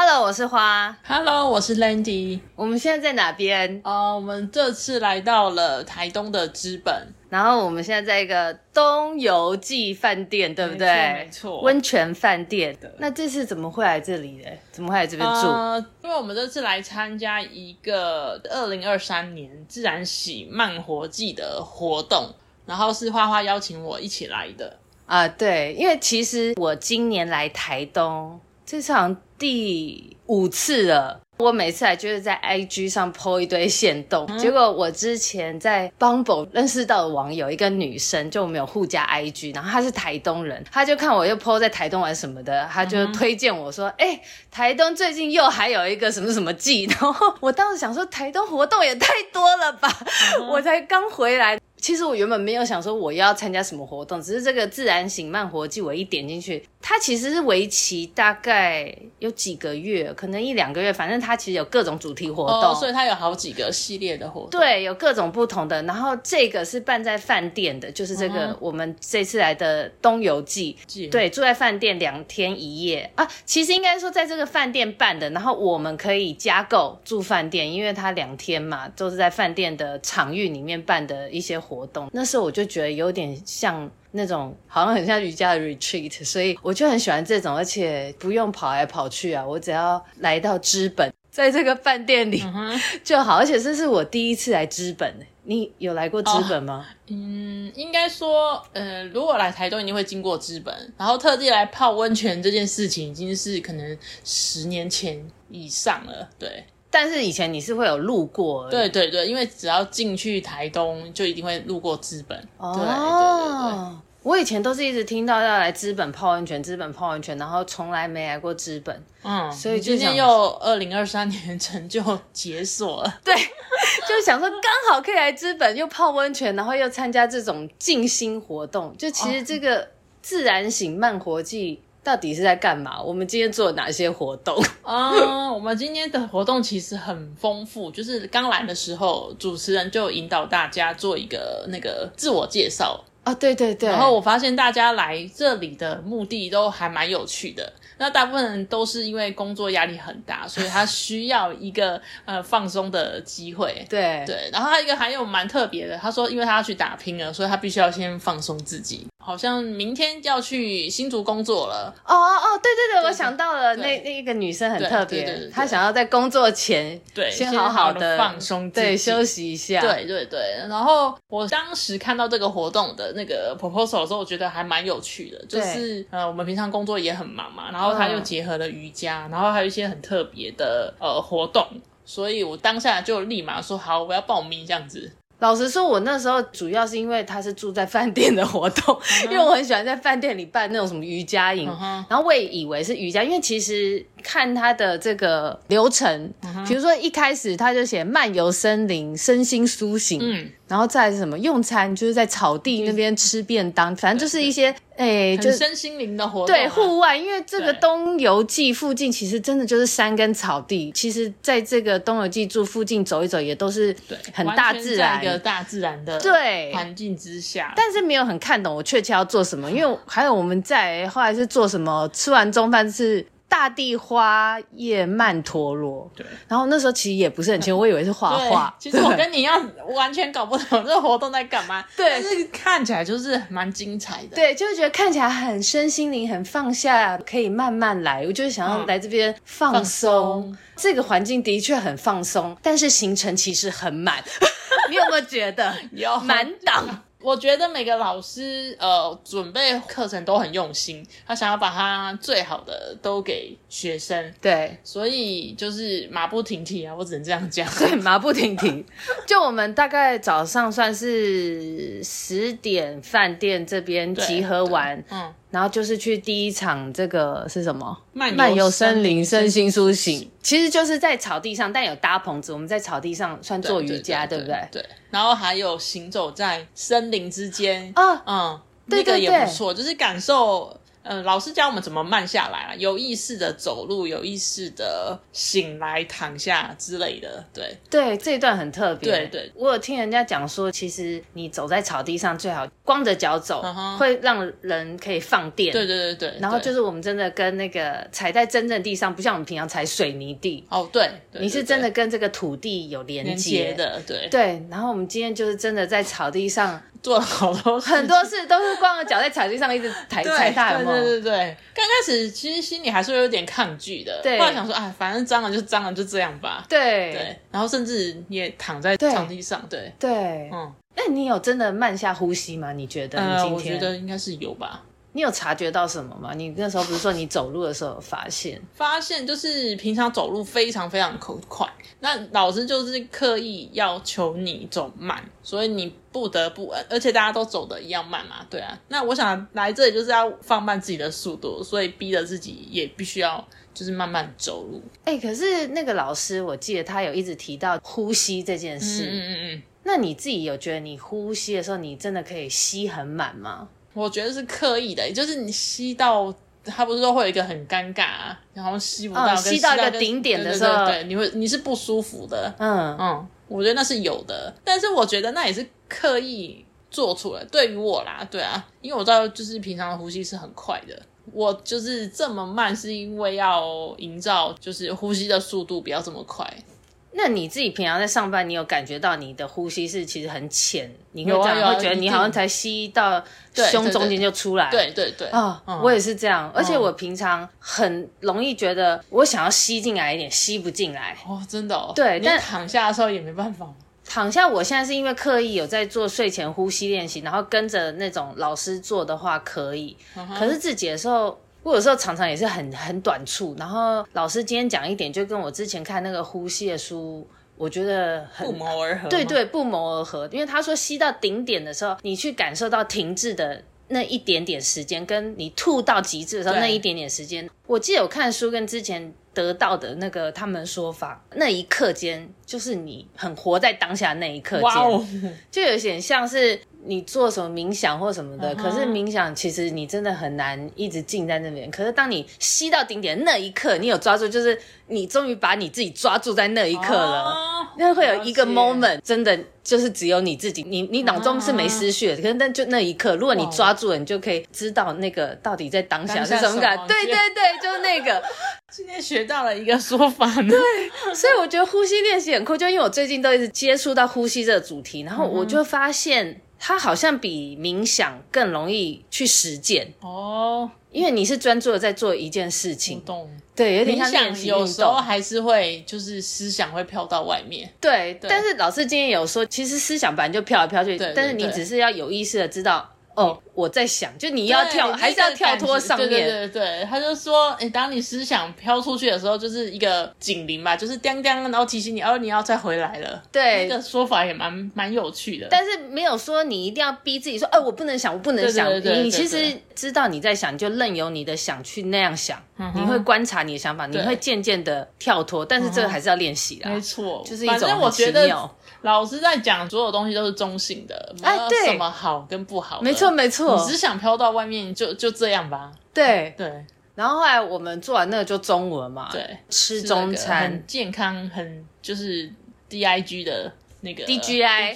Hello，我是花。Hello，我是 Landy。我們現在在哪邊？啊，uh, 我們這次來到了台東的知本，然後我們現在在一個東遊季飯店，對不對？沒錯，溫泉飯店。對那這次怎麼會來這裡呢？怎麼會來這邊住？因為、uh, 我們這次來參加一個二零二三年自然醒慢活祭的活動，然後是花花邀請我一起來的。啊，uh, 對，因為其實我今年來台東。這場第五次了，我每次來就是在 IG 上 po 一堆限動。嗯、結果我之前在 Bumble 認識到的網友，一個女生就我們有互加 IG，然後她是台東人，她就看我又 po 在台東玩什麼的，她就推薦我說：“哎、嗯欸，台東最近又還有一個什麼什麼季。”然後我當時想說，台東活動也太多了吧，嗯、我才剛回來。其實我原本沒有想說我要參加什麼活動，只是這個自然醒慢活祭，我一點進去。它其實是為期，大概有幾個月，可能一兩個月，反正它其實有各種主題活動，哦、所以它有好幾個系列的活動，對，有各種不同的。然後這個是辦在飯店的，就是這個我們這次來的東遊季，嗯、對，住在飯店兩天一夜啊，其實應該說在這個飯店辦的。然後我們可以加購住飯店，因為它兩天嘛，都是在飯店的場域裡面辦的一些活動。那時候我就覺得有點像。那種好像很像瑜伽的 retreat，所以我就很喜歡這種，而且不用跑來跑去啊，我只要來到知本，在這個飯店裡就好。嗯、哼而且這是我第一次來知本，你有來過知本嗎？哦？嗯，應該說，呃，如果來台東，一定會經過知本，然後特地來泡溫泉這件事情，已經是可能十年前以上了，對。但是以前你是會有路過，對對對，因為只要進去台東，就一定會路過知本。哦、對對對對，我以前都是一直聽到要來知本泡溫泉，知本泡溫泉，然後從來沒來過知本。嗯，所以最近又二零二三年成就解鎖了，對， 就想說剛好可以來知本又泡溫泉，然後又參加這種靜心活動，就其實這個自然醒慢活祭。哦到底是在幹嘛？我們今天做了哪些活動啊？ uh, 我們今天的活動其實很豐富，就是剛來的時候，主持人就引導大家做一個那個自我介紹啊，oh, 對對對。然後我發現大家來這裡的目的都還蠻有趣的，那大部分人都是因為工作壓力很大，所以他需要一個 呃放鬆的機會。對對，然後還有一個還有蠻特別的，他說因為他要去打拼了，所以他必須要先放鬆自己。好像明天要去新竹工作了哦，哦哦，對對對，對對，我想到了對那那個女生很特別，對對對對她想要在工作前好好對，先好好的放鬆自己，休息一下對。對對對，然後我當時看到這個活動的那個 proposal 的時候，我覺得還蠻有趣的，就是對呃，我們平常工作也很忙嘛，然後她又結合了瑜伽，哦、然後還有一些很特別的呃活動，所以我當下就立馬說好，我要報名這樣子。老實說，我那時候主要是因為他是住在飯店的活動，uh huh. 因為我很喜歡在飯店裡辦那種什麼瑜伽營，uh huh. 然後我也以為是瑜伽，因為其實。看他的這個流程，比如說一開始他就寫漫遊森林，身心甦醒，嗯，然後再來是什麼用餐，就是在草地那邊吃便當，嗯、反正就是一些哎、欸，就是身心靈的活動，對，戶外，因為這個東遊季附近其實真的就是山跟草地，對其實在這個東遊季住附近走一走也都是對，很大自然一個大自然的對環境之下，但是沒有很看懂我確切要做什麼，嗯、因為還有我們在後來是做什麼，吃完中飯是。大地花葉曼陀羅，對。然後那時候其實也不是很清楚，我以為是畫畫。其實我跟你一樣對完全搞不懂這個活動在幹嘛。對，但是看起來就是蠻精彩的。對，就是覺得看起來很身心靈很放下，可以慢慢來。我就是想要來這邊放鬆，嗯、放鬆這個環境的確很放鬆，但是行程其實很滿。 你有沒有覺得有滿檔擋？ 我覺得每個老師呃準備課程都很用心，他想要把他最好的都給學生，對，所以就是馬不停蹄啊，我只能這樣講，對，馬不停蹄。 就我們大概早上算是十點飯店這邊集合完，嗯。然後就是去第一場，這個是什麼？漫遊森林，森林身心甦醒。其實就是在草地上，但有搭棚子。我們在草地上算做瑜伽，對不對？對。然後還有行走在森林之間。啊，嗯，那個也不錯，就是感受。嗯、呃，老師教我們怎麼慢下來啊，有意識的走路，有意識的醒來、躺下之類的。對對，這一段很特別、欸。對對，我有聽人家講說，其實你走在草地上最好光着腳走，uh huh、會讓人可以放電。對對對對。然後就是我們真的跟那個對對對對踩在真正地上，不像我們平常踩水泥地。哦、oh,，對，對，對，對。你是真的跟這個土地有連接，連接的，對對。然後我們今天就是真的在草地上。做了好多事，很多事，都是光着腳在草地上一直抬，抬 對大有有，對對對對，剛開始其實心裡還是會有點抗拒的，對，後來想說哎，反正髒了就髒了，就這樣吧。對對，然後甚至也躺在草地上。對對，對對嗯，那你有真的慢下呼吸嗎？你覺得你今天、呃？我覺得應該是有吧。你有察覺到什麼嗎？你那時候不是說你走路的時候有發現，發現就是平常走路非常非常快，那老師就是刻意要求你走慢，所以你不得不嗯，而且大家都走得一樣慢嘛，對啊。那我想來這裡就是要放慢自己的速度，所以逼着自己也必須要就是慢慢走路。哎、欸，可是那個老師，我記得他有一直提到呼吸這件事。嗯嗯嗯。那你自己有覺得你呼吸的時候，你真的可以吸很滿嗎？我覺得是刻意的，就是你吸到，他不是說會有一個很尷尬，啊，然後吸不到、哦，吸到一個頂點的時候，對、對、對、對，你會你是不舒服的，嗯嗯，我覺得那是有的，但是我覺得那也是刻意做出來。對於我啦，對啊，因為我知道就是平常呼吸是很快的，我就是這麼慢，是因為要營造就是呼吸的速度不要這麼快。那你自己平常在上班，你有感覺到你的呼吸是其實很淺？有啊、你會這樣，有啊，有啊、會覺得你好像才吸到胸中間就出來對對對。對對對啊，哦嗯、我也是這樣。而且我平常很容易覺得，我想要吸進來一點，吸不進來。哦，真的、哦。對，但躺下的時候也沒辦法。躺下，我現在是因為刻意有在做睡前呼吸練習，然後跟着那種老師做的話可以。嗯、哼可是自己的時候。我有時候常常也是很很短促，然後老師今天講一點，就跟我之前看那個呼吸的書，我覺得很不謀而合。對，對對，不謀而合。因為他說吸到頂點的時候，你去感受到停滯的那一點點時間，跟你吐到極致的時候對那一點點時間。我記得我看書跟之前。得到的那個他們說法，那一刻間就是你很活在當下的那一刻間，Wow. 就有點像是你做什麼冥想或什麼的。Uh huh. 可是冥想其實你真的很難一直靜在那邊。可是當你吸到頂點那一刻，你有抓住，就是你終於把你自己抓住在那一刻了。那、oh. 會有一個 moment，、oh. 真的就是只有你自己，你你腦中是沒思緒的。Uh huh. 可是那就那一刻，如果你抓住了，Wow. 你就可以知道那個到底在當下是什麼感。對對對，就是那個。 今天學到了一個說法呢， 對，所以我覺得呼吸練習很酷，就因為我最近都一直接觸到呼吸這個主題，然後我就發現它好像比冥想更容易去實踐哦，嗯、哼因為你是專注的在做一件事情，動對，有點像冥想有時候還是會就是思想會飄到外面，對，對但是老師今天有說，其實思想本來就飄來飄去，對對對但是你只是要有意識的知道。哦，我在想，就你要跳，對還是要跳脫上面？對對，對對，他就說，哎、欸，當你思想飄出去的時候，就是一個警鈴吧，就是叮叮，然後提醒你，哦，你要再回來了。對，這個說法也蠻蠻有趣的。但是沒有說你一定要逼自己說，哎、啊，我不能想，我不能想。對對對對欸、你其實知道你在想，你就任由你的想去那樣想。嗯、哼你會觀察你的想法，對你會漸漸的跳脫，但是這個還是要練習啦。嗯、沒錯，就是一種奇妙。老師在講，所有東西都是中性的，哎，對。沒有什麼好跟不好。啊。沒錯沒錯，你只是想飄到外面就就這樣吧。對對，對，然後後來我們做完那個就中文嘛，對，吃中餐，很健康，很就是 D I G 的那個 D G I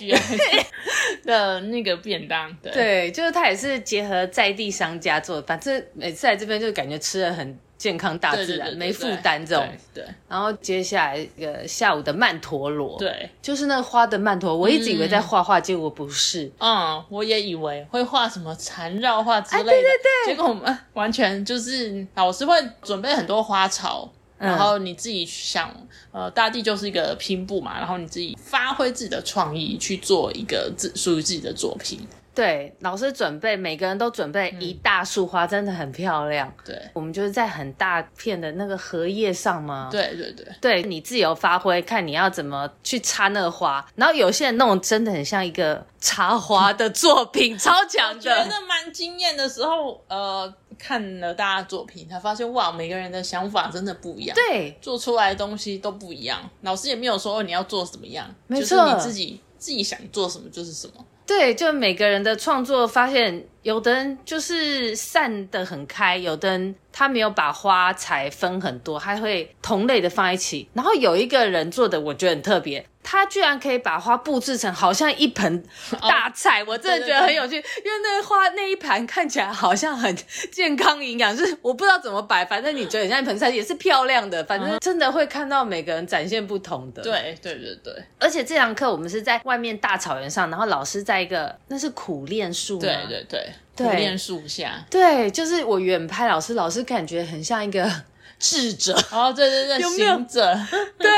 的那個便當，對，對，就是它也是結合在地商家做的。反正每次來這邊就感覺吃的很。健康、大自然對對對對對沒負擔這種，對，對，對。然後接下來一個、呃、下午的曼陀羅，對，就是那個花的曼陀羅。我一直以為在畫畫，嗯、結果不是。嗯，我也以為會畫什麼纏繞畫之類的，哎、對對對結果我們完全就是老師會準備很多花草，嗯、然後你自己想，呃，大地就是一個拼布嘛，然後你自己發揮自己的創意去做一個自屬於自己的作品。對，老師準備，每個人都準備一大束花，嗯、真的很漂亮。對，我們就是在很大片的那個荷葉上嘛。對對對，對，對，對，你自由發揮，看你要怎麼去插那個花。然後有些人那種真的很像一個插花的作品， 超強的。我覺得蠻驚豔的時候，呃，看了大家的作品才發現，哇，每個人的想法真的不一樣。對，做出來的東西都不一樣。老師也沒有說、哦、你要做什麼樣，就是你自己錯自己想做什麼就是什麼。對，就每個人的創作，發現有的人就是散的很開，有的人他沒有把花材分很多，還會同類的放一起。然後有一個人做的，我覺得很特別。他居然可以把花布置成好像一盆大菜，哦、我真的覺得很有趣，對對對，因為那花那一盤看起來好像很健康營養，就是我不知道怎麼擺，反正你覺得很像一盆菜也是漂亮的，反正真的會看到每個人展現不同的。對對對對，而且這堂課我們是在外面大草原上，然後老師在一個，那是苦楝樹，對對對，苦楝樹下對，對，就是我遠拍老師，老師感覺很像一個。智者，哦，對對對，有有行者，對，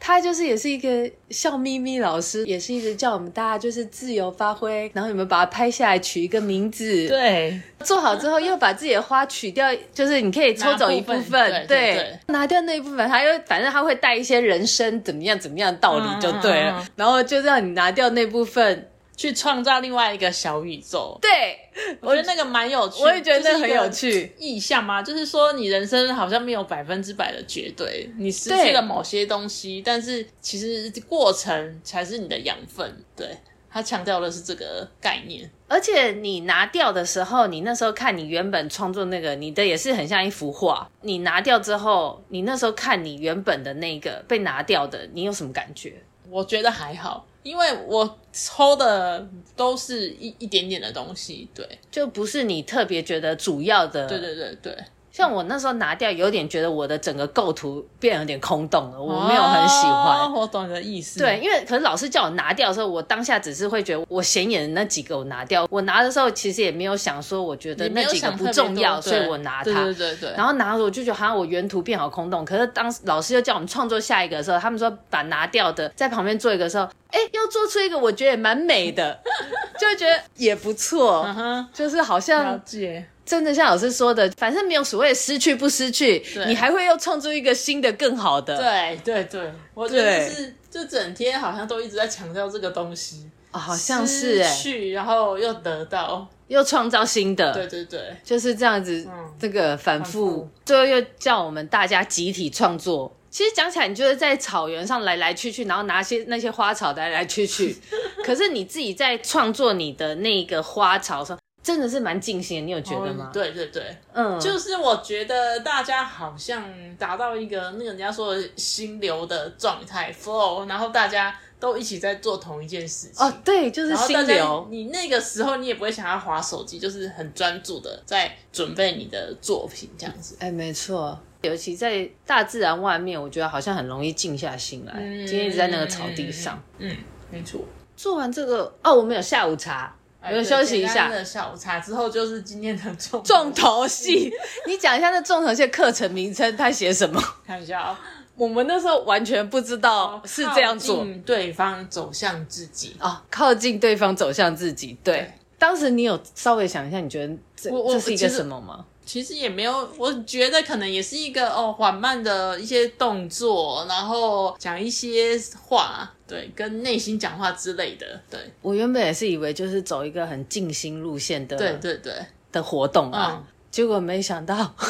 他就是也是一個笑眯眯老師，也是一直叫我們大家就是自由發揮，然後你們把它拍下來取一個名字。對，做好之後又把自己的花取掉，就是你可以抽走一部分，部分對，對對對拿掉那一部分，他又反正他會帶一些人生怎麼樣怎麼樣的道理就對了，嗯嗯嗯嗯、然後就讓你拿掉那部分。去創造另外一個小宇宙，對，我覺得那個蠻有趣，我也覺得那個很有趣。意象嗎？就是說，你人生好像沒有百分之百的絕對，你失去了某些東西，對但是其實過程才是你的養分。對，他強調的是這個概念，而且你拿掉的時候，你那時候看你原本創作那個你的也是很像一幅畫，你拿掉之後，你那時候看你原本的那個被拿掉的，你有什麼感覺？我覺得還好。因為我抽的都是一一點點的東西，對，就不是你特別覺得主要的。對對對對。像我那時候拿掉，有點覺得我的整個構圖變有點空洞了，哦、我沒有很喜歡。我懂你的意思。對，因為可是老師叫我拿掉的時候，我當下只是會覺得我顯眼的那幾個我拿掉。我拿的時候其實也沒有想說，我覺得那幾個不重要，所以我拿它。對，對對對對。然後拿了我就覺得好像我原圖變好空洞。可是當老師又叫我們創作下一個的時候，他們說把拿掉的在旁邊做一個的時候，哎、欸，又做出一個我覺得也蠻美的， 就覺得也不錯。嗯哼、啊哈，就是好像。真的像老師說的，反正沒有所謂失去不失去，對你還會又創作一個新的更好的。對對對，我覺得、就是，對就整天好像都一直在強調這個東西，哦、好像是哎，失去，然後又得到，又創造新的。對對對，就是這樣子，嗯、這個反覆，造最後又叫我們大家集體創作。其實講起來，你就是在草原上來來去去，然後拿些那些花草來來去去， 可是你自己在創作你的那個花草上。真的是蠻靜心的，你有覺得嗎？哦、對對對，嗯，就是我覺得大家好像達到一個那個人家說的心流的狀態，flow，然後大家都一起在做同一件事情。哦，對，就是心流。你那個時候你也不會想要滑手機，就是很專注的在準備你的作品這樣子。哎，沒錯，尤其在大自然外面，我覺得好像很容易靜下心來。嗯、今天一直在那個草地上，嗯，嗯，沒錯。做完這個哦，我們有下午茶。我就休息一下。今天、哎、的下午茶之後就是今天的重頭重頭戲。 你講一下那重頭戲課程名稱，它寫什麼？看一下啊，我們那時候完全不知道是這樣做。靠近對方走向自己啊、哦，靠近對方走向自己。對，對當時你有稍微想一下，你覺得這這是一個什麼嗎？其實也沒有，我覺得可能也是一個哦緩慢的一些動作，然後講一些話。對，跟內心講話之類的。對，我原本也是以為就是走一個很靜心路線的，對對對的活動啊，嗯、結果沒想到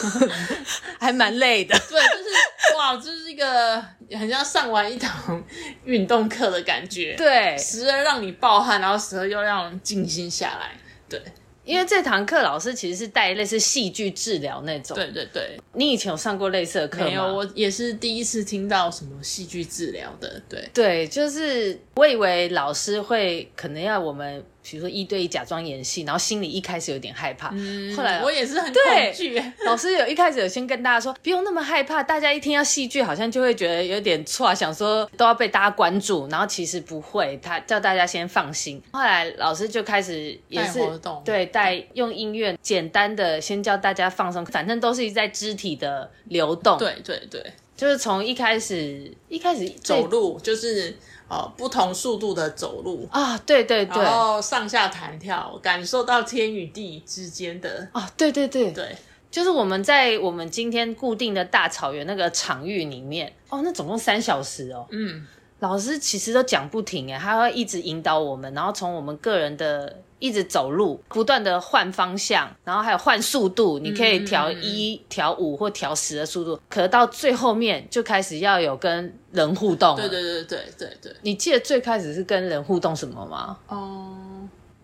還蠻累的。對，就是哇，就是一個很像上完一堂運動課的感覺。對，時而讓你暴汗，然後時而又讓人靜心下來。對。因為這堂課老師其實是帶類似戲劇治療那種。對對對，你以前有上過類似的課嗎？沒有，我也是第一次聽到什麼戲劇治療的，對。對對，就是我以為老師會可能要我們。比如說一對一假裝演戲，然後心裡一開始有點害怕，嗯、後來我也是很恐懼。老師有一開始有先跟大家說 不用那麼害怕，大家一聽到戲劇好像就會覺得有點錯，想說都要被大家關注，然後其實不會，他叫大家先放心。後來老師就開始也是帶活動對帶用音樂對簡單的先教大家放鬆，反正都是在肢體的流動。對對對，就是從一開始一開始走路就是。哦，不同速度的走路啊，哦，對對對，然後上下彈跳，感受到天與地之間的啊，哦，對對對對，就是我們在我們今天固定的大草原那個場域裡面哦，那總共三小時哦，嗯，老師其實都講不停哎，他會一直引導我們，然後從我們個人的。一直走路，不斷的換方向，然後還有換速度，你可以調一、嗯、調五或調十的速度。可到最後面就開始要有跟人互動了。對對，對對對對對對。你記得最開始是跟人互動什麼嗎？哦，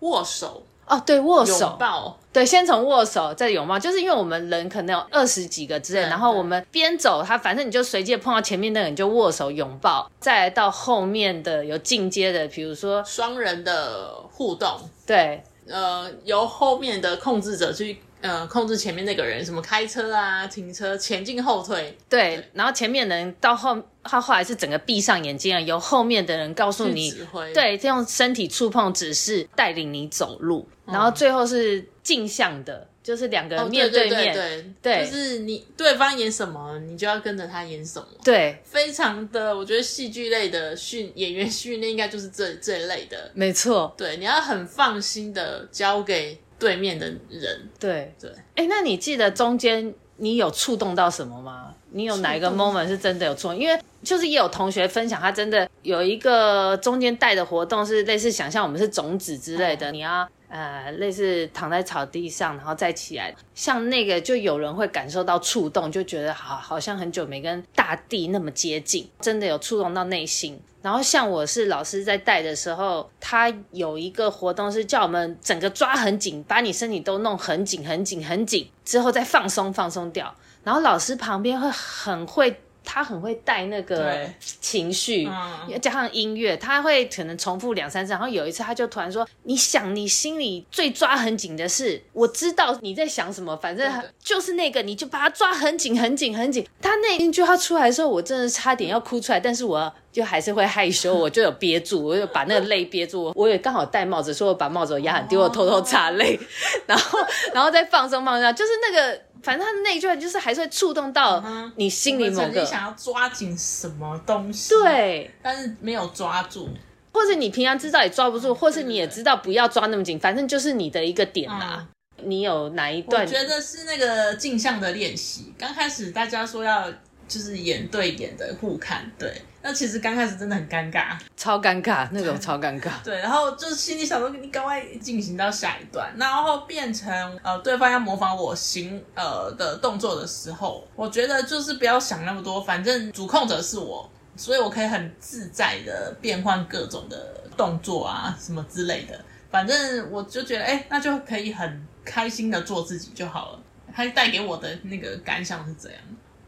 握手。哦，對，握手，抱對，先從握手再擁抱，就是因為我們人可能有二十幾個之類，嗯、然後我們邊走，他反正你就隨機碰到前面那個人，你就握手擁抱，再來到後面的有進階的，比如說雙人的互動，對，呃，由後面的控制者去。呃，控制前面那個人，什麼開車啊、停車、前進、後退，對。對，然後前面人到後，他後來是整個閉上眼睛了，由後面的人告訴你，指揮，對，這樣身體觸碰只是帶領你走路。嗯，然後最後是鏡像的，就是兩個人面對面，哦，對，對，對，對，對對，就是你對方演什麼，你就要跟着他演什麼，對。非常的，我覺得戲劇類的訓演員訓練應該就是最最累的，沒錯。對，你要很放心的交給。對面的人，對對，哎對、欸，那你記得中間你有觸動到什麼嗎？你有哪一個 moment 是真的有觸動？觸動。因為就是也有同學分享，他真的有一個中間帶的活動，是類似想象我們是種子之類的，唉你要。呃，類似躺在草地上，然後再起來，像那個就有人會感受到觸動，就覺得好，好像很久沒跟大地那麼接近，真的有觸動到內心。然後像我是老師在帶的時候，他有一個活動是叫我們整個抓很緊，把你身體都弄很緊、很緊、很緊，之後再放鬆、放鬆掉。然後老師旁邊會很會。他很會帶那個情緒，嗯、加上音樂，他會可能重複兩三次。然後有一次，他就突然說：“你想你心裡最抓很緊的事，我知道你在想什麼，反正就是那個，你就把他抓很緊、很緊、很緊。”他那一句就他出來的時候，我真的差點要哭出來，嗯、但是我就還是會害羞，我就有憋住，我就把那個淚憋住。我也剛好戴帽子，所以我把帽子壓很低，我偷偷擦淚，哦、然後，然後再放鬆、放鬆，就是那個。反正他的內捲就是還是會觸動到你心裡某個，你想要抓緊什麼東西，對，但是沒有抓住，或者你平常知道也抓不住，或是你也知道不要抓那麼緊，反正就是你的一個點啦。你有哪一段？我覺得是那個鏡像的練習，剛開始大家說要就是眼對眼的互看，對。那其實剛開始真的很尷尬，超尷尬那種、個，超尷尬。對，對，然後就是心裡想說，你趕快進行到下一段，然後變成呃，對方要模仿我行呃的動作的時候，我覺得就是不要想那麼多，反正主控者是我，所以我可以很自在的變換各種的動作啊，什麼之類的。反正我就覺得，哎，那就可以很開心的做自己就好了。它帶給我的那個感想是怎樣。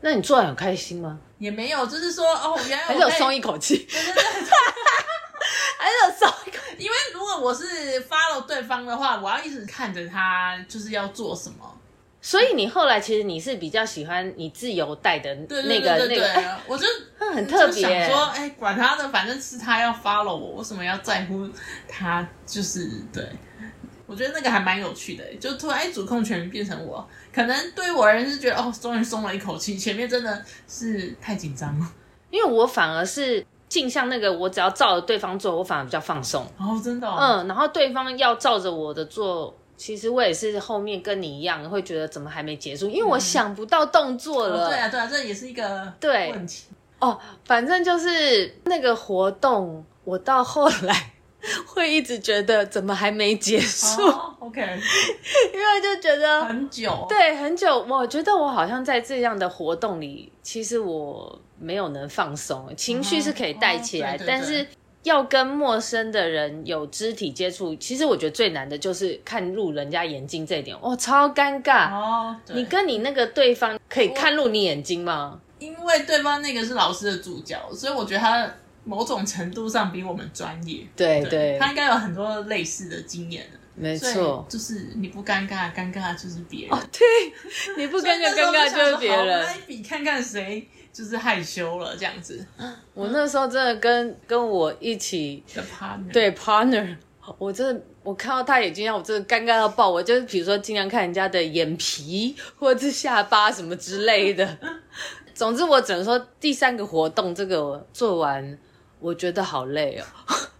那你做得很開心嗎？也沒有，就是說哦，原來還是有鬆一口氣，還是有鬆一口氣。因為如果我是 follow 對方的話，我要一直看着他，就是要做什麼。所以你後來，其實你是比較喜歡你自由帶的那個，對對對對對那個。哎、我就很特別，想說哎，管他的，反正是他要 follow 我，為什麼要在乎他？就是對。我覺得那個還蠻有趣的，就突然一主控權變成我，可能對於我而言是覺得哦，終於鬆了一口氣，前面真的是太緊張了，因為我反而是鏡像那個，我只要照着對方做，我反而比較放鬆哦，真的、哦，嗯，然後對方要照着我的做，其實我也是後面跟你一樣會覺得怎麼還沒結束，因為我想不到動作了，嗯哦、對啊，對啊，這也是一個對問題對哦，反正就是那個活動，我到後來。會一直覺得怎麼還沒結束，oh,？OK，因為就覺得很久，對，很久。我覺得我好像在這樣的活動裡，其實我沒有能放鬆，情緒是可以帶起來，oh, oh, 對對對，但是要跟陌生的人有肢體接觸，其實我覺得最難的就是看入人家眼睛這一點，哦、oh, 超尷尬。哦、oh, 對，你跟你那個對方可以看入你眼睛嗎？因為對方那個是老師的主角，所以我覺得他。某種程度上比我們專業，對對，對對他應該有很多類似的經驗了。沒錯，就是你不尷尬，尷尬就是別人。哦、對，你不尷尬尷尬就是別人。比看看誰就是害羞了這樣子。我那時候真的跟跟我一起的 part partner，對 partner，我真的我看到他眼睛，讓我真的尷尬到爆我。我就是比如說，盡量看人家的眼皮或者是下巴什麼之類的。 總之，我只能說第三個活動這個我做完。我覺得好累哦，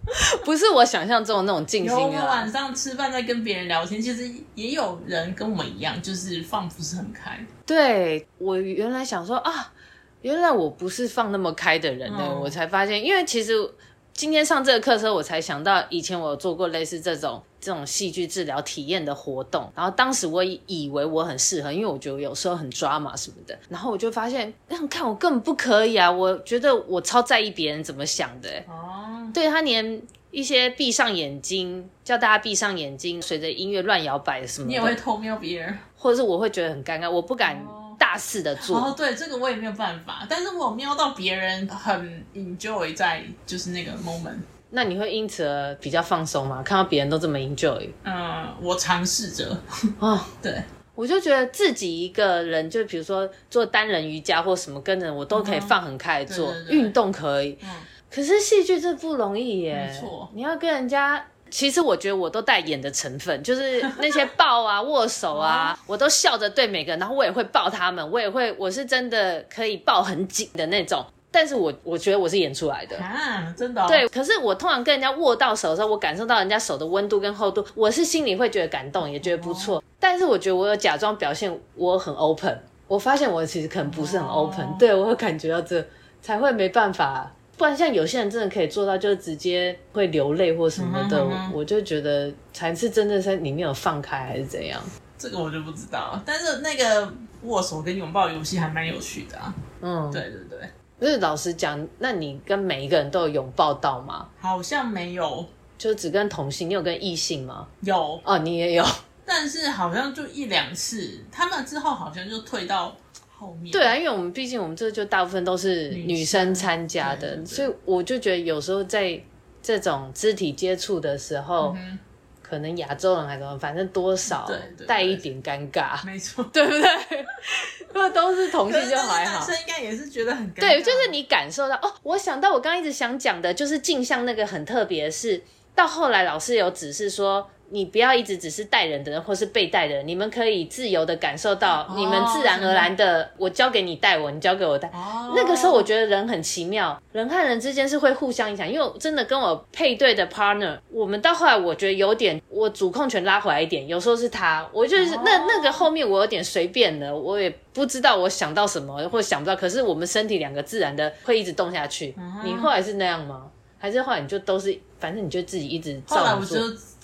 不是我想象中的那種靜心啊。我晚上吃飯在跟別人聊天，其實也有人跟我一樣，就是放不是很開。對，我原來想說啊，原來我不是放那麼開的人呢，嗯、我才發現。因為其實今天上這個課的時候，我才想到以前我有做過類似這種。這種戲劇治療體驗的活動，然後當時我以為我很適合，因為我覺得有時候很抓馬什麼的，然後我就發現，那、欸、看我根本不可以啊！我覺得我超在意別人怎麼想的、欸。哦，對他連一些閉上眼睛，叫大家閉上眼睛，隨着音樂亂搖擺什麼的。你也會偷瞄別人，或者是我會覺得很尷尬，我不敢大肆的做哦。哦，對，這個我也沒有辦法，但是我瞄到別人很 enjoy 在就是那個 moment。那你會因此而比較放鬆嗎？看到別人都這麼 enjoy，嗯，我嘗試着哦， 對，我就覺得自己一個人，就比如說做單人瑜伽或什麼，跟人我都可以放很開做運、嗯、動，可以。嗯、可是戲劇這不容易耶，沒錯，你要跟人家。其實我覺得我都帶演的成分，就是那些抱啊、 握手啊，我都笑着對每個人，然後我也會抱他們，我也會，我是真的可以抱很緊的那種。但是我我覺得我是演出來的啊，真的、哦、對。可是我通常跟人家握到手的時候，我感受到人家手的溫度跟厚度，我是心裡會覺得感動，嗯、哼也覺得不錯。但是我覺得我有假裝表現我很 open，我發現我其實可能不是很 open、嗯哼。對，我會感覺到這才會沒辦法，不然像有些人真的可以做到，就直接會流淚或什麼的。嗯、哼哼我就覺得才是真的在裡面有放開還是怎樣，這個我就不知道。但是那個握手跟擁抱遊戲還蠻有趣的啊。嗯，對對對。就是老實講，那你跟每一個人都有擁抱到嗎？好像沒有，就只跟同性。你有跟異性嗎？有。哦，你也有，但是好像就一兩次，他們之後好像就退到後面。對啊，因為我們畢竟我們這就大部分都是女生，女生參加的，所以我就覺得有時候在這種肢體接觸的時候。嗯可能亞洲人還是什麼，反正多少帶一點尷尬，沒錯，對不對？不過 都是同性就還好，男生，應該也是覺得很對，就是你感受到哦。我想到我剛剛一直想講的，就是鏡像那個很特別的是，是到後來老師有指示說。你不要一直只是帶人的人或是被帶的人，你們可以自由的感受到，你們自然而然的，哦、我交給你帶我，你交給我帶。哦、那個時候我覺得人很奇妙，哦、人和人之間是會互相影響。因為我真的跟我配對的 partner，我們到後來我覺得有點我主控權拉回來一點，有時候是他，我就是、哦、那那個後面我有點隨便的，我也不知道我想到什麼或想不到。可是我們身體兩個自然的會一直動下去。嗯、哼你後來是那樣嗎？還是後來你就都是，反正你就自己一直照着。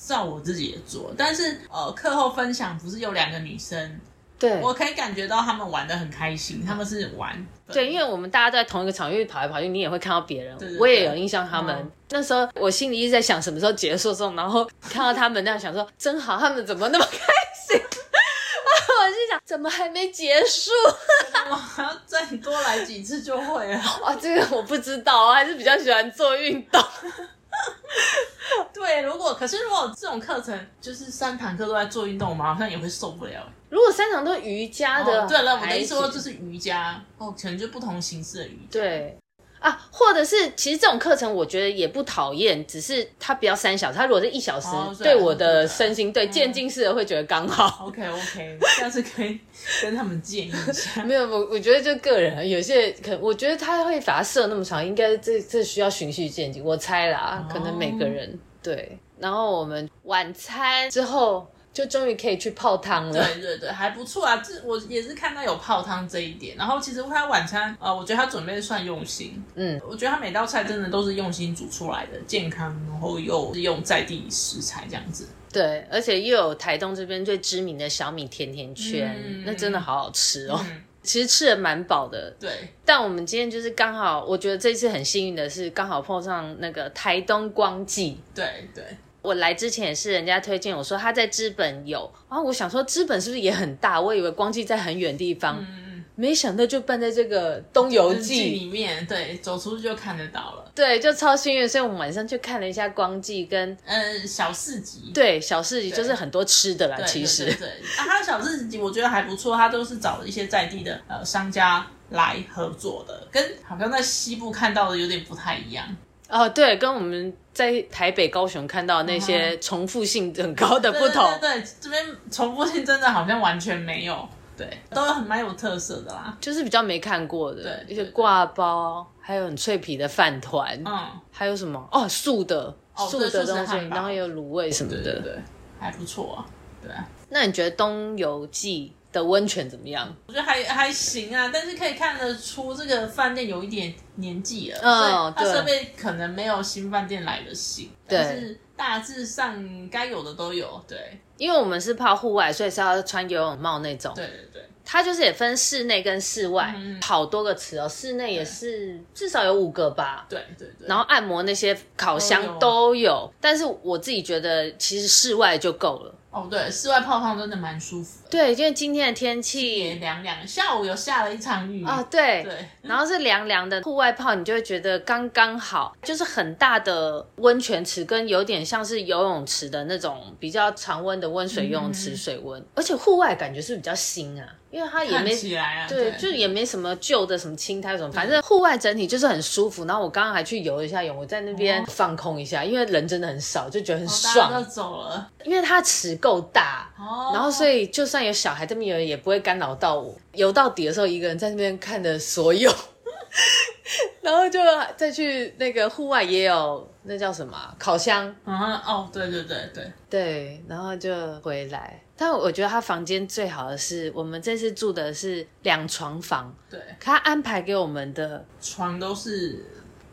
照我自己也做，但是呃，課後分享不是有兩個女生，對，我可以感覺到她們玩得很開心，嗯、他們是玩對，對，因為我們大家在同一個場域跑來跑去，你也會看到別人，對對對，我也有印象，他們、嗯、那時候我心裡一直在想什麼時候結束的時候，種然後看到他們那樣想說， 真好，他們怎麼那麼開心？ 我就想怎麼還沒結束？ 我還要再多來幾次就會了啊。啊？這個我不知道，我還是比較喜歡做運動。 對，如果可是，如果有這種課程，就是三堂課都在做運動嘛，好像也會受不了。如果三堂都是瑜伽的，哦、對了，那我的意思說就是瑜伽行哦，可能就不同形式的瑜伽。對。啊，或者是其實這種課程，我覺得也不討厭，只是它不要三小時。它如果是一小時，哦、對,對我的身心，對漸進式的會覺得剛好。OK OK，下次可以跟他們建議一下。 沒有，我我覺得就個人，有些可我覺得他會把它設那麼長，應該是這這需要循序漸進，我猜啦，oh. 可能每個人對。然後我們晚餐之後。就終於可以去泡湯了。對對對，還不錯啊！這我也是看到有泡湯這一點。然後其實他晚餐啊、呃，我覺得他準備的算用心。嗯，我覺得他每道菜真的都是用心煮出來的，健康，然後又是用在地食材這樣子。對，而且又有台東這邊最知名的小米甜甜圈，嗯、那真的好好吃哦。嗯、其實吃的蠻飽的。對，但我們今天就是剛好，我覺得這一次很幸運的是剛好碰上那個台東光季。對對。我來之前也是人家推薦，我說他在知本有啊，我想說知本是不是也很大？我以為光祭在很遠地方，嗯、沒想到就辦在這個東遊季裡面，對，走出去就看得到了，對，就超幸運。所以我們晚上去看了一下光祭跟嗯、呃、小市集，對，小市集就是很多吃的啦，對對對對其實對，對，對啊，他的小市集我覺得還不錯，他都是找一些在地的呃商家來合作的，跟好像在西部看到的有點不太一樣。哦，對，跟我們在台北、高雄看到那些重複性很高的不同，嗯、對，對對，這邊重複性真的好像完全沒有，對，都很蠻有特色的啦，就是比較沒看過的，對，對對對一些掛包，還有很脆皮的飯糰，嗯，還有什麼哦，素的，哦、素的東西，就是、然後有滷味什麼的，對，對，對，還不錯啊，對，那你覺得東遊季？的溫泉怎麼樣？我覺得還還行啊，但是可以看得出這個飯店有一點年紀了，嗯，它設備可能沒有新飯店來的新，對但是大致上該有的都有。對，因為我們是泡戶外，所以是要穿游泳帽那種。對對對，它就是也分室內跟室外，嗯、好多個池哦。室內也是對至少有五個吧。對對對，然後按摩那些烤箱都有，都有，但是我自己覺得其實室外就夠了。哦，對，室外泡湯真的蠻舒服。對，因為今天的天氣也涼涼，下午又下了一場雨啊。哦，對，對，然後是涼涼的戶外泡，你就會覺得剛剛好，就是很大的溫泉池，跟有點像是游泳池的那種比較常溫的溫水游泳池水溫，嗯嗯，而且戶外感覺是比較新啊，因為它也沒起來啊，對，對就也沒什麼舊的什麼青苔什麼，反正戶外整體就是很舒服。然後我剛剛還去游了一下泳，我在那邊放空一下，哦，因為人真的很少，就覺得很爽，哦，就走了，因為它池夠大，哦，然後所以就算。有小孩，這邊有人也不會干擾到我。游到底的時候，一個人在那邊看着所有， 然後就再去那個戶外也有那叫什麼、啊、烤箱啊，啊？哦，對對對對對，然後就回來。但我覺得他房間最好的是，我們這次住的是兩床房，對，可他安排給我們的床都是。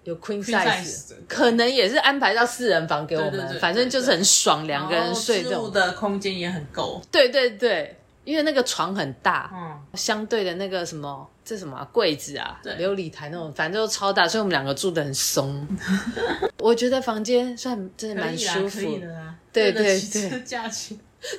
有 queen size，, queen size 可能也是安排到四人房給我們，反正就是很爽，對對對，兩個人睡住的空間也很夠。對對對，因為那個床很大，嗯，相對的那個什麼，這什麼、啊、櫃子啊，對琉璃台那種，反正都超大，所以我們兩個住得很鬆。 我覺得房間算真的蠻舒服的，的啊。對，對對對。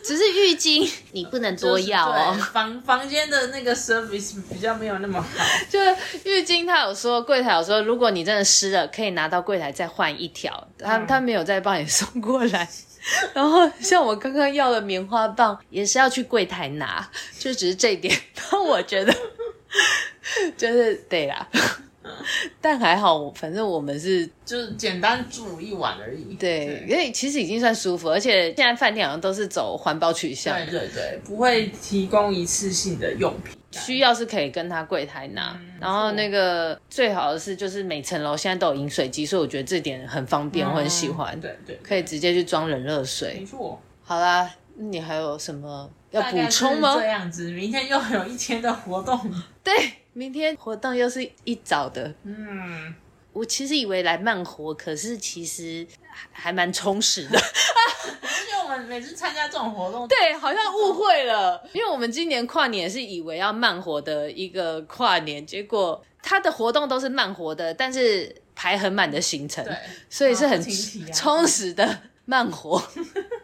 只是浴巾你不能多要哦，房房間的那個 service 比較沒有那麼好，就是浴巾他有說櫃台有說，如果你真的濕了，可以拿到櫃台再換一條，他他沒有再幫你送過來。 然後像我剛剛要的棉花棒也是要去櫃台拿，就只是這一點，然後我覺得就是對啦。但還好，反正我們是就是簡單住一晚而已。對，因為其實已經算舒服，而且現在飯店好像都是走環保取向。對對對，不會提供一次性的用品，需要是可以跟他櫃台拿。然後那個最好的是，就是每層樓現在都有飲水機，所以我覺得這點很方便，我很喜歡。對對，可以直接去裝冷熱水。沒錯。好啦，你還有什麼要補充嗎？這樣子，明天又有一天的活動了。對。明天活動又是一早的，嗯，我其實以為來慢活，可是其實還蠻充實的。我覺得我們每次參加這種活動，對，好像誤會了， 因為我們今年跨年是以為要慢活的一個跨年，結果他的活動都是慢活的，但是排很滿的行程，對所以是很充實的、啊、慢活。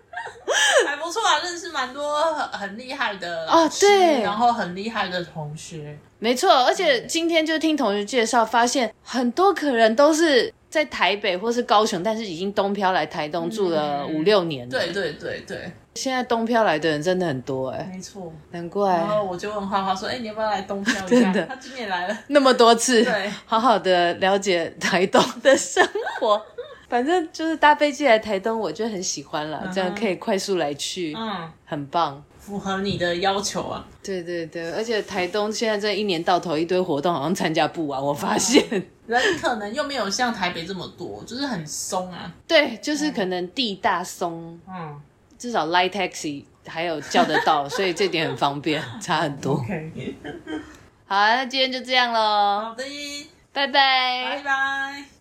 還不錯啊，認識蠻多很很厲害的老師，哦、對，然後很厲害的同學，沒錯。而且今天就聽同學介紹，發現很多客人都是在台北或是高雄，但是已經東漂來台東住了五六年、嗯、對對對對，現在東漂來的人真的很多哎、欸，沒錯錯，難怪。然後我就問花花說：“哎、欸，你要不要來東漂一下？” 真的，他今年來了那麼多次，對，好好的了解台東的生活。 反正就是搭飛機來台東，我就很喜歡了。Uh huh. 這樣可以快速來去，嗯，很棒，符合你的要求啊。對對對，而且台東現在這一年到頭一堆活動，好像參加不完，我發現。Uh, 人可能又沒有像台北這麼多，就是很鬆啊。 對，就是可能地大鬆，嗯，至少 Light Taxi 還有叫得到， 所以這點很方便，差很多。Okay. 好啊，那今天就這樣嘍。好的，拜拜 bye。拜拜。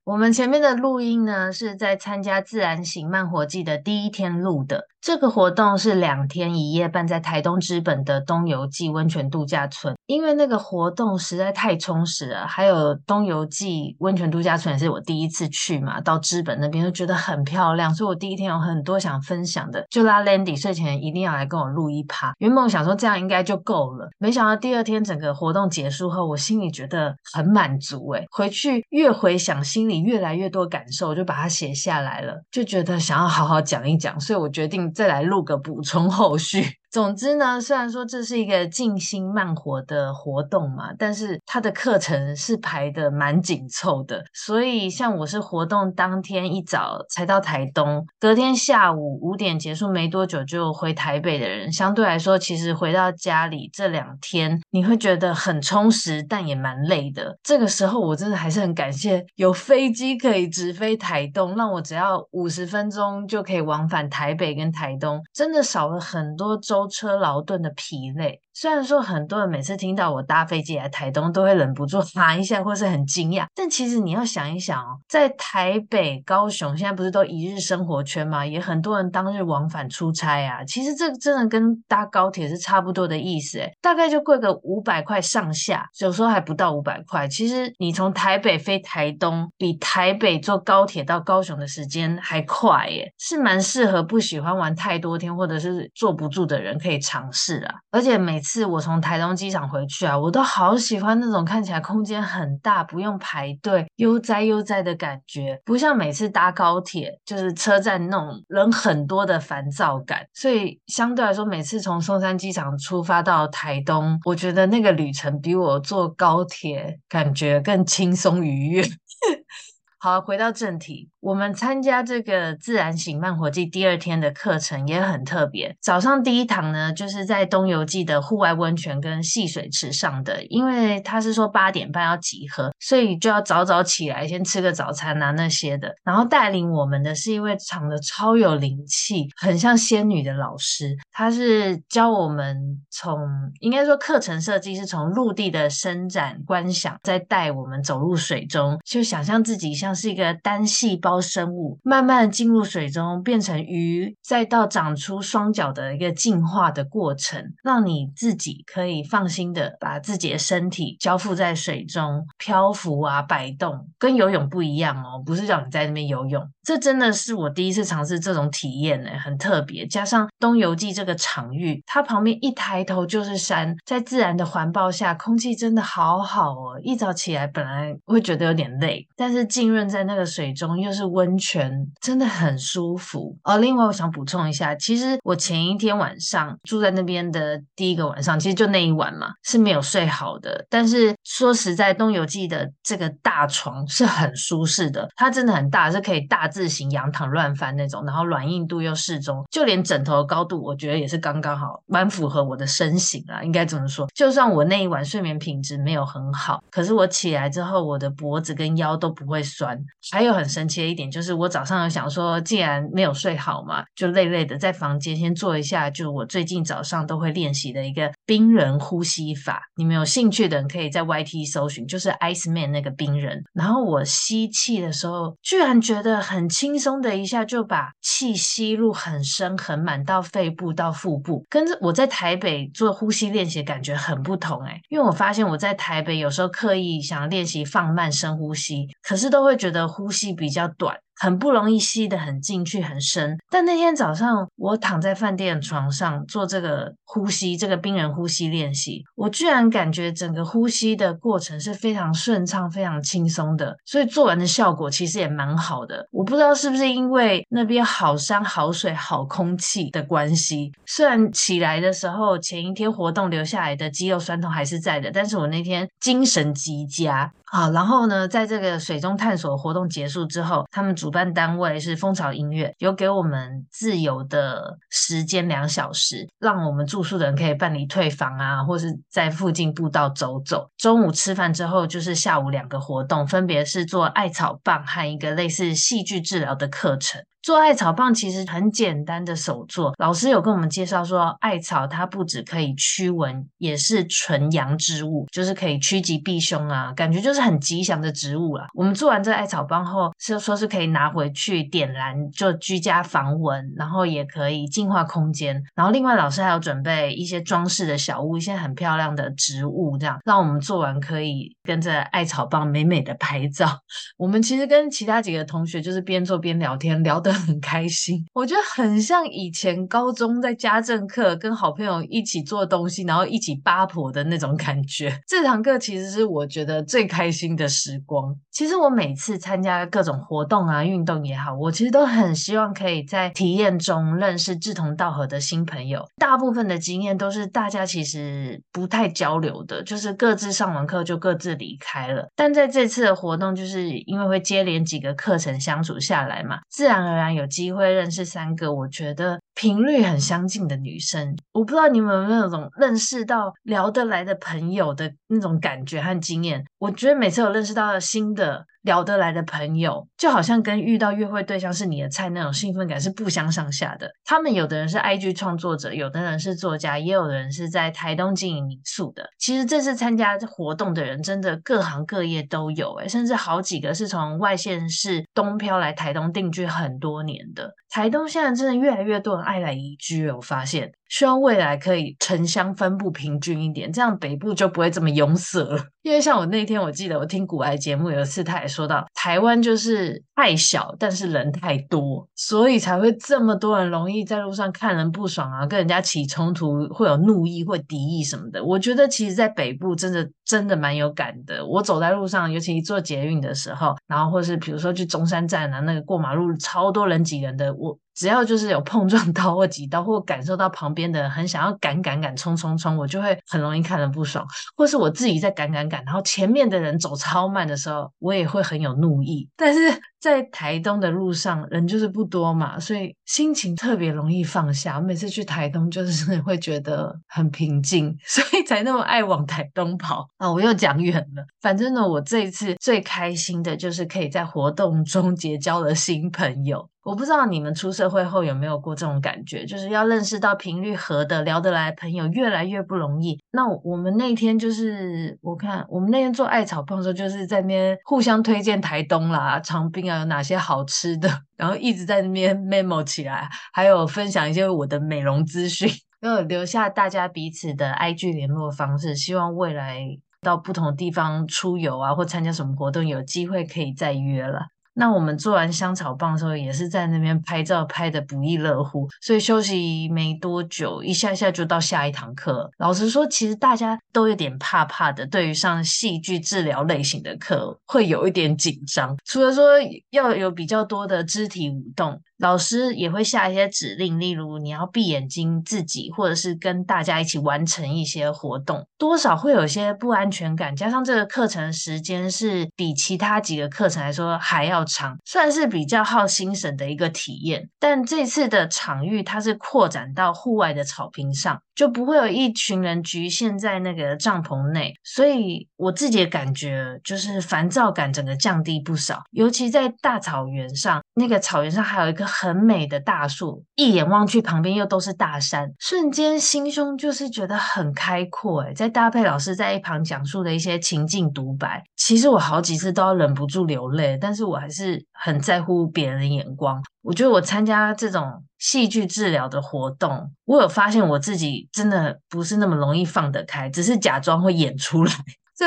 我們前面的錄音呢，是在參加自然醒慢活祭的第一天錄的。這個活動是兩天一夜辦在台東知本的東遊季溫泉度假村。因為那個活動實在太充實了，還有東遊季溫泉度假村也是我第一次去嘛，到知本那邊就覺得很漂亮，所以我第一天有很多想分享的，就拉 Landy 睡前一定要來跟我錄一趴。原本我想說這樣應該就夠了，沒想到第二天整個活動結束後，我心裡覺得很滿足哎、欸，回去越回想心，你越來越多感受，就把它寫下來了，就覺得想要好好講一講，所以我決定再來錄個補充後續。總之呢，雖然說這是一個靜心慢活的活動嘛，但是它的課程是排得蠻緊湊的。所以像我是活動當天一早才到台東，隔天下午五點結束沒多久就回台北的人，相對來說，其實回到家裡這兩天你會覺得很充實，但也蠻累的。這個時候我真的還是很感謝有飛機可以直飛台東，讓我只要五十分鐘就可以往返台北跟台東，真的少了很多周。舟車勞頓的疲累。雖然說很多人每次聽到我搭飛機來台東都會忍不住哈、啊、一下，或是很驚訝，但其實你要想一想哦，在台北高雄現在不是都一日生活圈嗎？也很多人當日往返出差啊，其實這個真的跟搭高鐵是差不多的意思，誒，大概就貴個五百塊上下，有時候還不到五百塊。其實你從台北飛台東比台北坐高鐵到高雄的時間還快，耶，是蠻適合不喜歡玩太多天或者是坐不住的人可以嘗試啊，而且每。每次我從台東機場回去啊，我都好喜歡那種看起來空間很大，不用排隊、悠哉悠哉的感覺，不像每次搭高鐵就是車站那種人很多的煩躁感。所以相對來說，每次從松山機場出發到台東，我覺得那個旅程比我坐高鐵感覺更輕鬆愉悅。 好，啊，回到正題，我們參加這個自然醒慢活祭第二天的課程也很特別。早上第一堂呢，就是在東遊季的戶外溫泉跟戲水池上的，因為他是說八點半要集合，所以就要早早起來先吃個早餐啊那些的。然後帶領我們的是一位長得超有靈氣，很像仙女的老師，他是教我們從應該說，課程設計是從陸地的伸展觀想，再帶我們走入水中，就想象自己像。是一個單細胞生物，慢慢進入水中變成魚，再到長出雙腳的一個進化的過程，讓你自己可以放心的把自己的身體交付在水中漂浮啊擺動，跟游泳不一樣哦，不是叫你在那邊游泳。這真的是我第一次嘗試這種體驗呢，很特別。加上東遊季這個場域，它旁邊一抬頭就是山，在自然的環抱下，空氣真的好好哦。一早起來本來會覺得有點累，但是浸潤在那個水中，又是溫泉，真的很舒服哦。另外，我想補充一下，其實我前一天晚上住在那邊的第一個晚上，其實就那一晚嘛，是沒有睡好的。但是說實在，東遊季的這個大床是很舒適的，它真的很大，是可以大。自行仰躺亂翻那種，然後軟硬度又適中，就連枕頭的高度我覺得也是剛剛好，蠻符合我的身形啊，應該怎麼說？就算我那一晚睡眠品質沒有很好，可是我起來之後，我的脖子跟腰都不會酸。還有很神奇的一點就是，我早上有想說，既然沒有睡好嘛，就累累的在房間先做一下，就我最近早上都會練習的一個冰人呼吸法。你們有興趣的人可以在 YT 搜尋，就是 Iceman 那個冰人。然後我吸氣的時候，居然覺得很。很輕鬆的一下就把氣吸入很深很滿，到肺部到腹部，跟着我在台北做呼吸練習的感覺很不同哎、欸，因為我發現我在台北有時候刻意想練習放慢深呼吸，可是都會覺得呼吸比較短。很不容易吸得很進去很深，但那天早上我躺在飯店的床上做這個呼吸，這個冰人呼吸練習，我居然感覺整個呼吸的過程是非常順暢、非常輕鬆的，所以做完的效果其實也蠻好的。我不知道是不是因為那邊好山好水好空氣的關係，雖然起來的時候前一天活動留下來的肌肉痠痛還是在的，但是我那天精神極佳。好，然後呢，在這個水中探索活動結束之後，他們主辦單位是蜂巢音樂，有給我們自由的時間兩小時，讓我們住宿的人可以辦理退房啊，或是在附近步道走走。中午吃飯之後，就是下午兩個活動，分別是做艾草棒和一個類似戲劇治療的課程。做艾草棒其實很簡單的手作，老師有跟我們介紹說，艾草它不止可以驅蚊，也是純陽之物，就是可以趨吉避凶啊，感覺就是很吉祥的植物了、啊。我們做完這艾草棒後，是說是可以拿回去點燃就居家防蚊，然後也可以淨化空間。然後另外老師還要準備一些裝飾的小物，一些很漂亮的植物，這樣讓我們做完可以跟着艾草棒美美的拍照。 我們其實跟其他幾個同學就是邊做邊聊天，聊的。很開心，我覺得很像以前高中在家政課跟好朋友一起做東西，然後一起八婆的那種感覺。這堂課其實是我覺得最開心的時光。其實我每次參加各種活動啊，運動也好，我其實都很希望可以在體驗中認識志同道合的新朋友。大部分的經驗都是大家其實不太交流的，就是各自上完課就各自離開了。但在這次的活動，就是因為會接連幾個課程相處下來嘛，自然而然。然後有機會認識三個，我覺得，頻率很相近的女生，我不知道你們有沒有那種認識到聊得來的朋友的那種感覺和經驗。我覺得每次有認識到了新的聊得來的朋友，就好像跟遇到約會對象是你的菜那種興奮感是不相上下的。他們有的人是 IG 創作者，有的人是作家，也有的人是在台東經營民宿的。其實這次參加這活動的人真的各行各業都有，欸，哎，甚至好幾個是從外縣市東漂來台東定居很多年的。台東現在真的越來越多人。再來一句，我發現。希望未來可以城鄉分布平均一點，這樣北部就不會這麼擁塞了。因為像我那天，我記得我聽股癌節目，有一次他也說到，台灣就是太小，但是人太多，所以才會這麼多人容易在路上看人不爽啊，跟人家起衝突，會有怒意或敵意什麼的。我覺得其實在北部真的真的蠻有感的。我走在路上，尤其坐捷運的時候，然後或是比如說去中山站啊，那個過馬路超多人擠人的，我只要就是有碰撞到或擠到或感受到旁邊。變得很想要趕趕趕、衝衝衝，我就會很容易看人不爽，或是我自己在趕趕趕，然後前面的人走超慢的時候，我也會很有怒意。但是在台東的路上，人就是不多嘛，所以心情特別容易放下。我每次去台東就是會覺得很平靜，所以才那麼愛往台東跑。啊、哦！我又講遠了。反正呢，我這一次最開心的就是可以在活動中結交了新朋友。我不知道你們出社會後有沒有過這種感覺，就是要認識到頻率合的聊得來的朋友越來越不容易。那我們那天就是，我看我們那天做艾草棒的時候，就是在那邊互相推薦台東啦、長濱啊有哪些好吃的，然後一直在那邊 memo 起來，還有分享一些我的美容資訊，然後留下大家彼此的 IG 聯絡方式，希望未來到不同地方出遊啊，或參加什麼活動，有機會可以再約了。那我們做完香草棒的時候，也是在那邊拍照，拍得不亦樂乎。所以休息沒多久，一下下就到下一堂課。老實說，其實大家都有點怕怕的，對於上戲劇治療類型的課，會有一點緊張。除了說要有比較多的肢體舞動。老師也會下一些指令，例如你要閉眼睛自己，或者是跟大家一起完成一些活動，多少會有些不安全感。加上這個課程時間是比其他幾個課程來說還要長，算是比較耗心神的一個體驗。但這次的場域它是擴展到戶外的草坪上，就不會有一群人局限在那個帳篷內，所以我自己的感覺就是煩躁感整個降低不少。尤其在大草原上，那個草原上還有一個。很美的大樹，一眼望去，旁邊又都是大山，瞬間心胸就是覺得很開闊，誒，在搭配老師在一旁講述的一些情境獨白，其實我好幾次都要忍不住流淚，但是我還是很在乎別人的眼光。我覺得我參加這種戲劇治療的活動，我有發現我自己真的不是那麼容易放得開，只是假裝會演出來。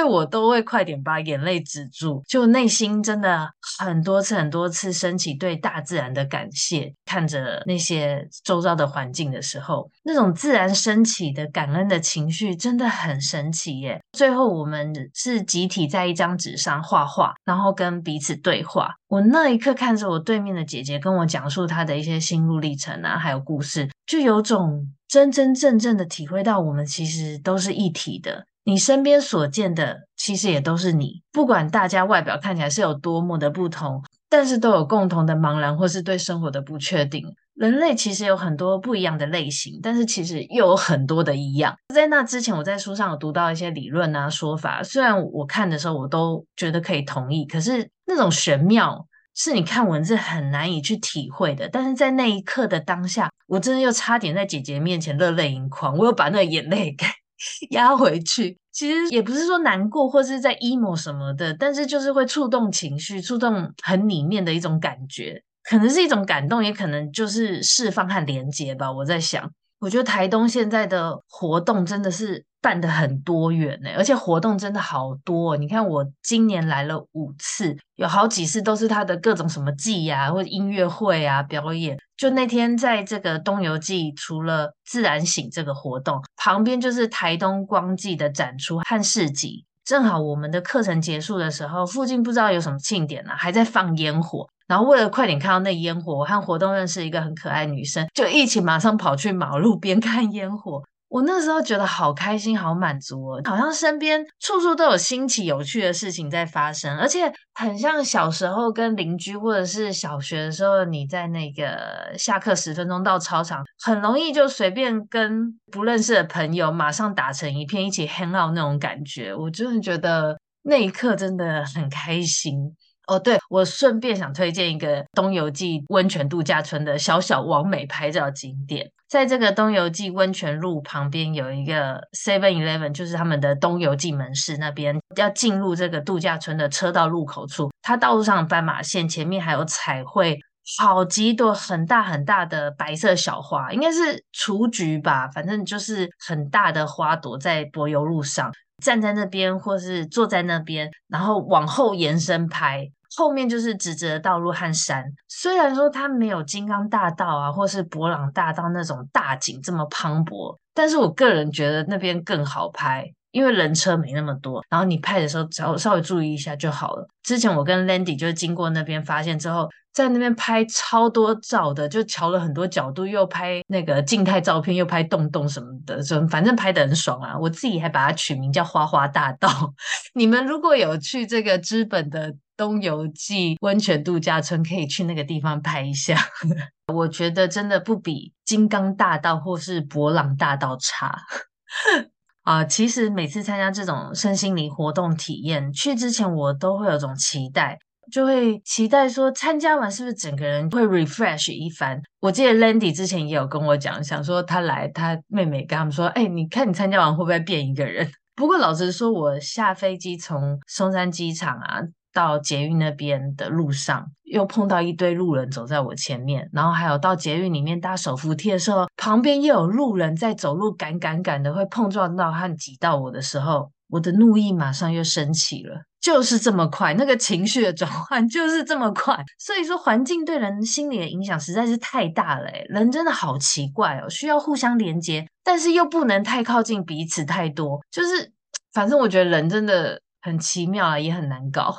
對，我都會快點把眼淚止住，就內心真的很多次很多次升起對大自然的感謝，看着那些周遭的環境的時候，那種自然升起的感恩的情緒真的很神奇耶。最後我們是集體在一張紙上畫畫，然後跟彼此對話。我那一刻看着我對面的姐姐跟我講述她的一些心路歷程啊，還有故事，就有種真真正正的體會到我們其實都是一體的。你身邊所見的，其實也都是你。不管大家外表看起來是有多麼的不同，但是都有共同的茫然或是對生活的不確定。人類其實有很多不一樣的類型，但是其實又有很多的一樣。在那之前，我在書上有讀到一些理論啊說法，雖然我看的時候我都覺得可以同意，可是那種玄妙是你看文字很難以去體會的。但是在那一刻的當下，我真的又差點在姐姐面前熱淚盈眶，我又把那個眼淚給。壓 回去，其實也不是說難過或是在 emo 什麼的，但是就是會觸動情緒，觸動很裡面的一種感覺，可能是一種感動，也可能就是釋放和連接吧。我在想。我覺得台東現在的活動真的是辦得很多元，而且活動真的好多。你看我今年來了五次，有好幾次都是他的各種什麼祭呀、啊，或者音樂會啊，表演。就那天在這個東遊季除了自然醒這個活動，旁邊就是台東光祭的展出和市集。正好我們的課程結束的時候，附近不知道有什麼慶典呢、啊，還在放煙火。然後為了快點看到那煙火，我和活動認識一個很可愛女生，就一起馬上跑去馬路邊看煙火。我那時候覺得好開心、好滿足哦，好像身邊處處都有新奇有趣的事情在發生，而且很像小時候跟鄰居，或者是小學的時候，你在那個下課十分鐘到操場，很容易就隨便跟不認識的朋友馬上打成一片，一起 hang out 那種感覺，我真的覺得那一刻真的很開心哦。對，我順便想推薦一個東遊季溫泉度假村的小小網美拍照景點。在這個東遊季溫泉路旁邊有一個 Seven Eleven，就是他們的東遊季門市那邊。要進入這個度假村的車道路口處，它道路上斑馬線前面還有彩繪，好幾朵很大很大的白色小花，應該是雛菊吧，反正就是很大的花朵在柏油路上。站在那邊或是坐在那邊，然後往後延伸拍。後面就是直直的道路和山，雖然說它沒有金剛大道啊，或是伯朗大道那種大景，這麼磅礴，但是我個人覺得那邊更好拍。因為人車沒那麼多，然後你拍的時候只要稍微注意一下就好了。之前我跟 Landy 就是經過那邊發現之後，在那邊拍超多照的，就瞧了很多角度，又拍那個靜態照片，又拍洞洞什麼的，反正拍的很爽啊。我自己還把它取名叫“花花大道。” 你們如果有去這個知本的東遊季溫泉度假村，可以去那個地方拍一下， 我覺得真的不比金剛大道或是博朗大道差。 啊、呃，其實每次參加這種身心靈活動體驗，去之前我都會有種期待，就會期待說，參加完是不是整個人會 refresh 一番。我記得 Landy 之前也有跟我講，想說她來，她妹妹跟他們說，哎、欸，你看你參加完會不會變一個人？不過老實說，我下飛機從松山機場啊。到捷運那邊的路上，又碰到一堆路人走在我前面，然後還有到捷運裡面搭手扶梯的時候，旁邊又有路人在走路，趕趕趕的會碰撞到他擠到我的時候，我的怒意馬上又升起了，就是這麼快，那個情緒的轉換就是這麼快。所以說，環境對人心理的影響實在是太大了誒，人真的好奇怪哦，需要互相連接，但是又不能太靠近彼此太多。就是反正我覺得人真的很奇妙啊，也很難搞。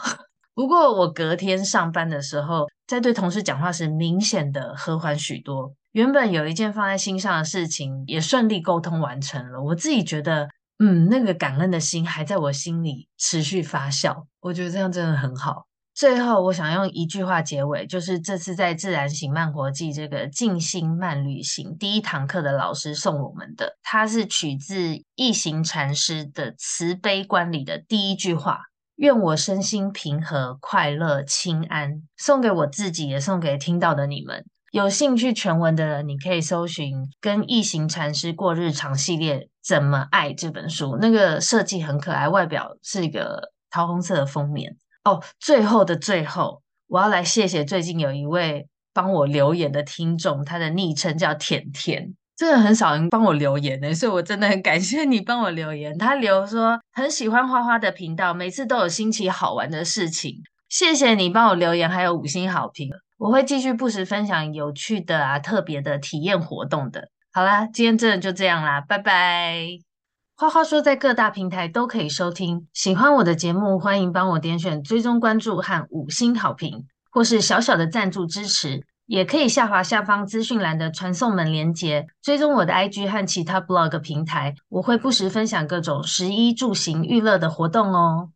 不過我隔天上班的時候，在對同事講話時，明顯的和緩許多。原本有一件放在心上的事情，也順利溝通完成了。我自己覺得，嗯，那個感恩的心還在我心裡持續發酵。我覺得這樣真的很好。最後，我想用一句話結尾，就是這次在《自然醒慢活祭這個靜心慢旅行第一堂課的老師送我們的，它是取自一行禪師的慈悲觀裡的第一句話。願我身心平和、快樂、輕安，送給我自己，也送給聽到的你們。有興趣全文的人，你可以搜尋《跟一行禪師過日常》系列，《怎麼愛》這本書，那個設計很可愛，外表是一個桃紅色的封面。哦，最後的最後，我要來謝謝最近有一位幫我留言的聽眾，他的昵稱叫甜甜。真的很少人幫我留言欸，所以我真的很感謝你幫我留言。他留說很喜歡花花的頻道，每次都有新奇好玩的事情。謝謝你幫我留言，還有五星好評，我會繼續不時分享有趣的啊特別的體驗活動的。好啦，今天真的就這樣啦，拜拜。花花說在各大平台都可以收聽，喜歡我的節目，歡迎幫我點選追蹤關注和五星好評，或是小小的贊助支持。也可以下滑下方資訊欄的傳送門連結，追蹤我的 IG 和其他 blog 平台，我會不時分享各種食衣住行娛樂的活動哦。